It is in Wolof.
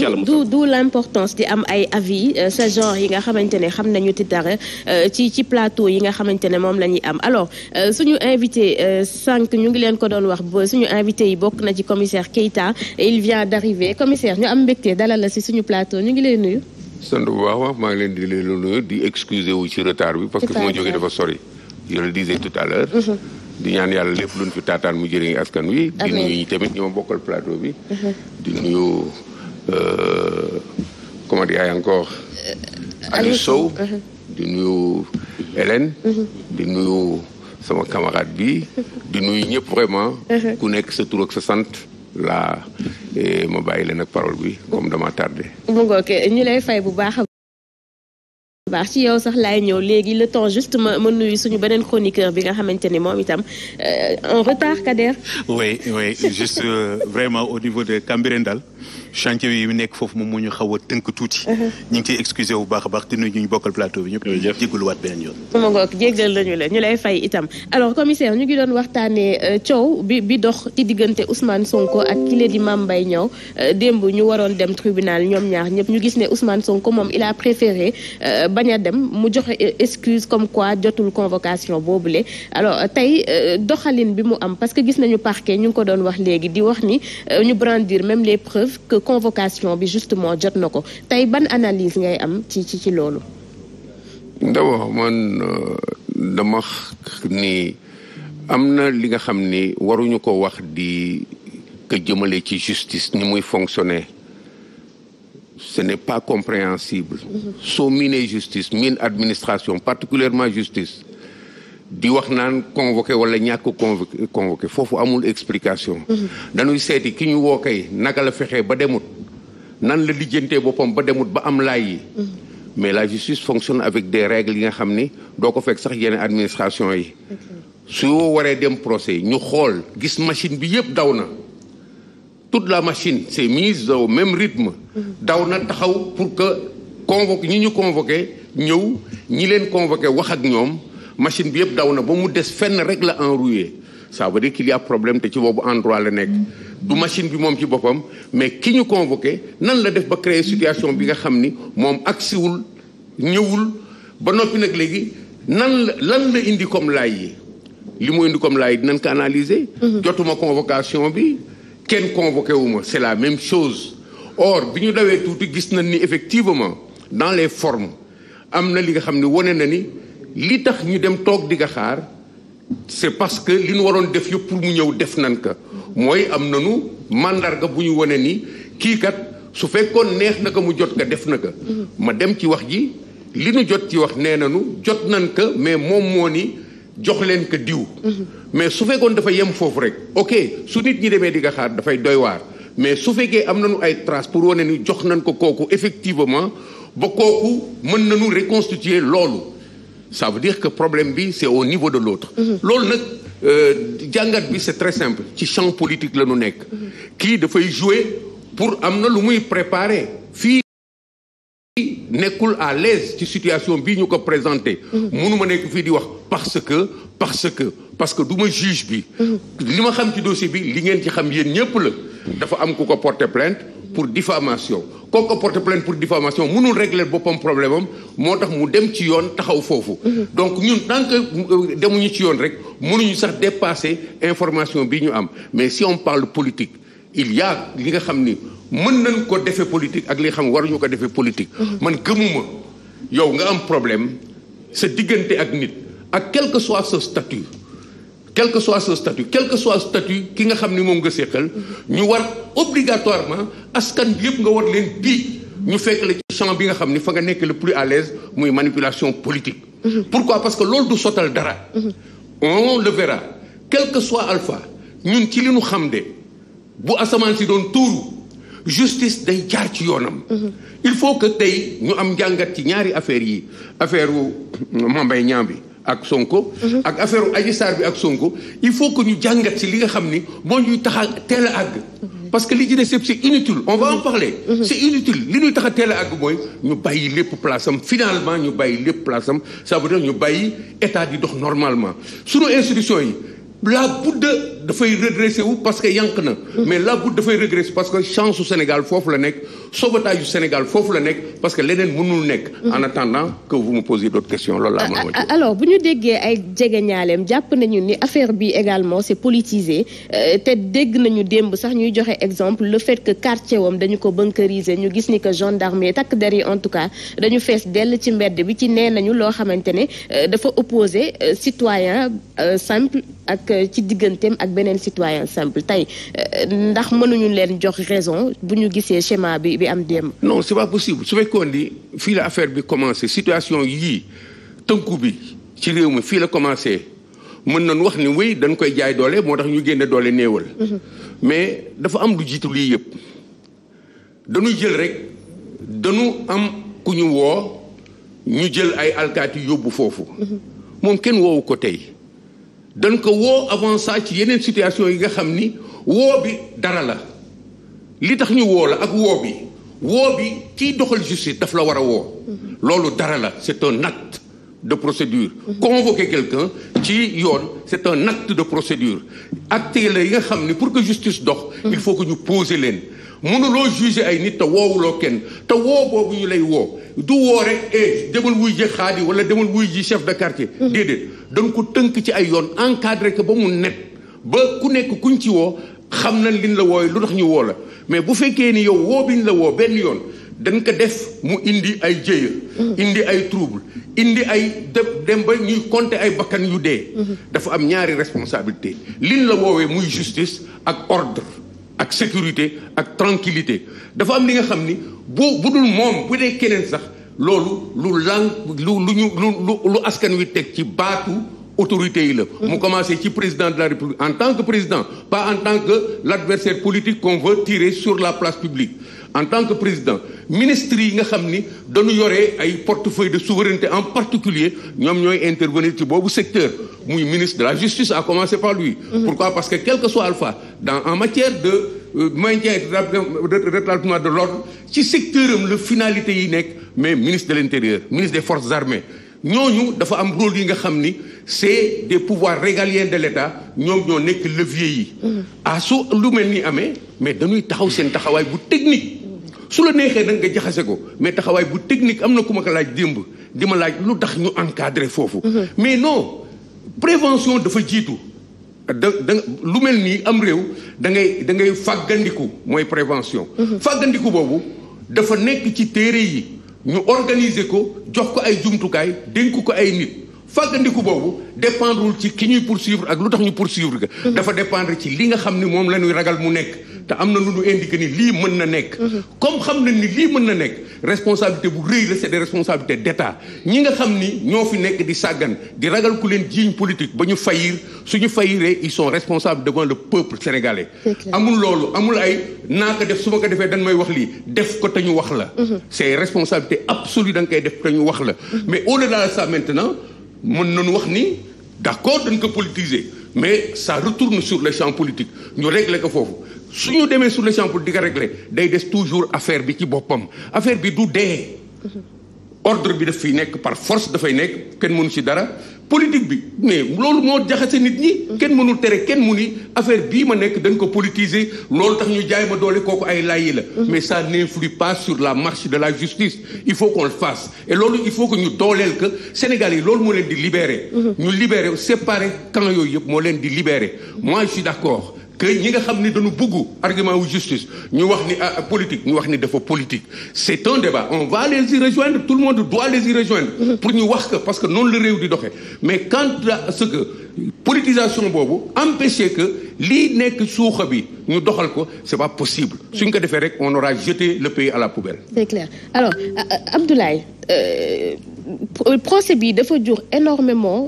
du du l'importance di am ay avie euh, ce genre yi nga xamante ne xam nañu ti dara euh, ci ci plateau yi nga xamante ne moom la ñuy am alors euh, suñu invité sànq ñu ngi leen ko doon wax ba suñu invité yi bokk na ci commissaire Keita il vient d'arriver commissaire ñu am mbégte dalal la si suñu plateau ñu ngi leen nuyu. sant bu baax wax maa ngi leen di lu nuyu di excuser wu ci retard bi. parce que fu ma jógee dafa sori. je le disais tout à l'heure mm-hmm. di ñaan yàlla lépp luñ fi taataan mu jëriñ askan wi. di nuyu tamit ñoo bokkal plateau bi. Mm-hmm. di Euh, comment dire encore. Euh, Aliou Sow uh-huh. di nuyu Hélène. Uh-huh. di nuyu sama camarade bi di nuyu ñëpp vraiment. Uh-huh. ku nekk sa tur ak sa sant. laa eh, ma bàyyi leen ak parole bi comme dama tardé. mu ngoog eh, ñu lay fay bu baax baax ci yow sax laay ñëw léegi le temps juste ma ma suñu beneen chroniqueur bi nga xamante ni moom itam euh, en retard Kader. oui oui juste euh, vraiment au niveau de Cambérène daal chantier yi mu nekk foofu moom moo ñu xaw a tënk tuuti. Mhm. ñu ngi ciy excusé bu baax a baax te nuyu ñu bokkal plateau bi ñëpp. jërëjëf jégaluwaat beneen yoon. ma ngoog jégal nañu la ñu lay fay itam alors commissaire ñu ngi doon waxtaanee euh, coow bi bi dox ci diggante Ousmane Sonko ak kile di Mame Mbaye Niang euh, démb ñu waroon dem tribunal ñoom ñaar ñëpp ñu gis ne Ousmane Sonko moom il a préféré. bañ a dem mu joxe excuse comme quoi jotul convocation boobu le alors euh, tey euh, doxalin bi mu am parce que gis nañu parquet ñu ngi ko doon wax léegi di wax ni euh, ñu brandir même les preuves que convocation bi justement jot na ko tey ban analyse ngay am ci ci ci loolu. d'abord man dama ni am na li nga xam ni waruñu ko wax di ko jëmale ci justice ni muy fonctionner. ce n'est pas compréhensible soo miinee justice miin administration particulièrement justice di wax naan convoqué wala ñàkk convoqué convoqué foofu amul explication dañuy seeti ki ñu woo kay naka la fexee ba demut nan la lijjantee boppam ba demut ba am laay yi mais la justice fonctionne avec des règles yi nga xam ni doo ko fekk sax yenn administration yi su waree dem procès ñu xool gis machine bi yëpp daw na toute la machine s'est mise au même rythme daw na taxaw pour que convoqué ñi ñu convoqué ñëw ñi leen convoqué wax ak ñoom machine bi yëpp daw na ba mu des fenn rek la enrouillé ça veut dire qu'il a problème te ci boobu endroit la nekk du machine bi moom ci boppam mais ki ñu convoqué nan la def ba créer situation bi nga xam ni moom agsiwul ñëwul ba noppi nag léegi nan la lan la indi comme lay yi li mu indi comme laay yi dinañ ko analyser mhm. jotuma convocation bi kenn convoqué wu ma c'est la même chose or bi ñu dawee tuuti gis nañ ni effectivement dans les formes am na li nga xam ne wane na ni li tax ñu dem toog di nga xaar c'est parce que li ñu waroon def yëpp pour mu ñëw def nan ka mooy am nañu mandarga bu ñu wane ni kii kat su fekkoon neex na ko mu jot ka def na ka mm-hmm. ma dem ci wax ji li nu jot ci wax nee nañu jot nan ka mais moom moo ni jox leen ko diw. mais su fekkoon dafa yem foofu rek. ok su nit ñi demee di nga xaar dafay doy waar mais su fekkee am nañu ay traces pour wane ni jox nañ ko kooku effectivement ba kooku mën nañu reconstituer loolu. ça veut dire que problème bi c'est au niveau de l'autre loolu nag euh, jàngat bi c'est très simple ci champ politique la ñu nekk kii dafay jouer pour am na lu muy préparer fii nekkul à l'aise ci situation bii ñu ko présenté mënu mhm. ma nekk fii di wax parce que parce que parce que du ma juge bi mhm. li ma xam ci dossier bi li ngeen ci xam yéen ñëpp la mhm. dafa am ku ko porte plainte pour diffamation kooku ko porter plainte pour diffamation mënul régler boppam problème am moo tax mu dem ci yoon taxaw foofu donc ñun tant que euh, demuñu ci yoon rek mënuñu sax dépasser information bi ñu am mais si on parle politique il y a li nga xam ni mën nañ ko defee politique ak li nga xam waruñu ko defee politique. Mm-hmm. man gëmuma yow nga am problème sa diggante ak nit ak quelque que soit sa statut. quel que soit ce statut quel que ki nga xam ni moom nga séqal mm-hmm. ñu war obligatoirement askan bi yëpp nga war leen bi ñu fekk la ci champ bi nga xam ni fa nga nekk le plus à l'aise muy manipulation politique mm-hmm. pourquoi parce que loolu du sottal dara on le verra quel que soit alpha ñun ci li ñu xam de bu asamaan si doon tuuru justice day jaar ci yoonam. Mhm. il faut que tey ñu am njàngat ci ñaari affaire yi affaire Mame Mbaye Niang bi ak Sonko. Mhm. ak affaire Adji Sarr bi ak Sonko il faut que ñu jàngat ci li nga xam ni moo ñuy tax a teel a mhm. parce que li ci des yëpp c'est inutile on va en parler. c'est inutile li ñuy tax a teel a àgg mooy ñu bàyyi lépp place am finalement ñu bàyyi lépp place am ça veut dire ñu bàyyi état di dox normalement sunu institution yi la budde dafay redressé wu parce que yànq na mais la bu dafay redressé parce que chance su Sénégal foofu la nekk sauvetage Sénégal foofu la nekk parce que leneen mënul nekk en attendant que vous me posiez d'autres questions loolu laa mën a ah, alors bu ñu déggee ay jege ñaaleem jàpp nañu ni affaire bi également si politisé euh, te dégg nañu démb sax ñuy joxe exemple le fait que quartier wam dañu ko bunkériser ñu gis ni que gendarmerie takk der yi en tout cas dañu fees dell ci mbedd bi ci nee nañu loo xamante ne euh, dafa opposé euh, citoyen simple ak ci digganteem ak beneen citoyen simple tey euh, ndax mënuñu leen jox raison bu ñu gisee schéma bi bi am démb. non c'est pas possible su fekkoon ni fii la affaire bi commencé situation yii tënku bi ci réew mi fii la commencé mën nañu wax ni wéy dañ koy jaay doole moo tax ñu génne doole néewal. Mhm. mais dafa am lu jiitu lii yëpp. dañuy jël rek danu am ku ñu woo ñu jël ay alkaati yóbbu foofu. Mhm. moom kenn woowu ko tey. dañ ko woo avant ça ci yeneen situation yi nga xam ni woo bi dara la li tax ñu woo la ak woo bi woo bi kiy doxal justice daf la war a woo mm-hmm. loolu dara la c'est un acte de procédure mm-hmm. convoquer quelqu'un ci yoon c'est un natt de procédure acte la yi nga xam ni pour que justice dox mm-hmm. il faut que ñu poser leen mënuloo juger ay nit te woowuloo kenn te woo boobu ñu lay woo du woo rek eh demal wuy ji xaadi wala demal wuy ji chef de quartier. Mm-hmm. déedéet dañ ko tënk ci ay yoon encadré ko ba mu net ba ku nekk kuñ ci woo xam nañ liñ la woowee lu tax ñu woo la mais bu fekkee ni yow woo biñ la woo benn yoon. dañ ko def mu indi ay jéya mm-hmm. indi ay trouble indi ay dem ba ñuy compter ay bakkan yu dee mm-hmm. dafa am ñaari responsabilité liñ la woowee muy justice ak ordre ak sécurité ak tranquillité dafa am li nga xam ni boo bu dul moom bu dee keneen sax loolu lu lang lu lu ñu lu lu askan wi teg ci baatu autorité yi la mu commencé ci président de la république en tant que président pas en tant que l'adversaire politique qu'on veut sur la place publique en tant que président ministre yi nga xam ni dañu yore ay portefeuille de souveraineté en particulier ñoom ñooy intervenir ci boobu secteur muy ministre de la justice à commencé par lui mm-hmm. pourquoi parce que quel que soit alpha dans en matière de euh, maintien et de rétablissement de l'ordre ci secteur am la finalité yi nekk mais ministre de l'intérieur ministre des forces armées ñooñu dafa am rôle yi nga xam ni c'est des pouvoirs régaliens de l'État ñoom ñoo nekk levier yi ah su lu mel ni amee mais dañuy taxaw seen taxawaay bu technique su la neexee nag nga jaxase ko mais taxawaay bu technique am na ku ma ko laaj démb di ma laaj lu tax ñu encadré foofu. Mhm. mais non prévention dafa jiitu. da da lu mel nii am réew da ngay da ngay fàggandiku mooy prévention. Mhm. fàggandiku boobu dafa nekk ci téere yi ñu organiser ko jox ko ay jumtukaay dénk ko ay nit. fàggandiku boobu dépendrewul ci ki ñuy poursuivre ak lu tax ñu poursuivre ga mhm. dafa dépendre ci li nga xam ni moom la ñuy ragal mu nekk te am na lu ñu indiqué ni lii mën na nekk. Mhm. comme xam nañ ni lii mën na nekk responsabilité bu rëy la c'est des responsabilités d'État ñi nga xam ni ñoo fi nekk di sàggan di ragal ku leen jiiñ politique ba ñu fayir suñu fayiree ils sont responsables devant le peuple sénégalais. amul loolu amul ay naa ko def su ma ko defee dañ may wax lii def ko te ñu wax la. Mhm. c'est responsabilité absolue da nga koy def te ñu wax la. Mhm. mais au-delà de ça maintenant mën nañu wax ni d'accord dañ ko politiser mais ça retourne sur le champ politique ñu régler ko foofu. su ñu demee sur le champ pour di régler day des toujours affaire bi ci boppam affaire bi du dee. ordre bi daf fiy nekk par force dafay nekk kenn mënu si dara politique bi mais loolu moo jaxase nit ñi. kenn mënul tere kenn mu ni affaire bii ma nekk dañ ko politiser loolu tax ñu jaay ma doole kooku ay layi la. Mhm. mais ça n'influe pas sur la marche de la justice. il faut qu'on le fasse et ñu dooleel que Sénégal yi loolu moo leen di libérer. Mhm. ñu libérer séparer camp yooyu yëpp moo leen di libérer mois je suis d'accord. que ñi nga xam ni dañu bugg argument wu justice ñu wax ni ah politique ñu wax ni dafa politique c'est un débat on va les y rejoindre tout le monde doit les y rejoindre mm-hmm. pour ñu wax ko parce que noonu la réew di doxee mais quant à ce que politisation boobu empêcher que lii nekk suuxa bi ñu doxal ko c'est pas possible suñ ko defee rek on aura jeté le pays à la poubelle c'est clair alors euh, Abdoulaye euh, procès bi dafa jur énormément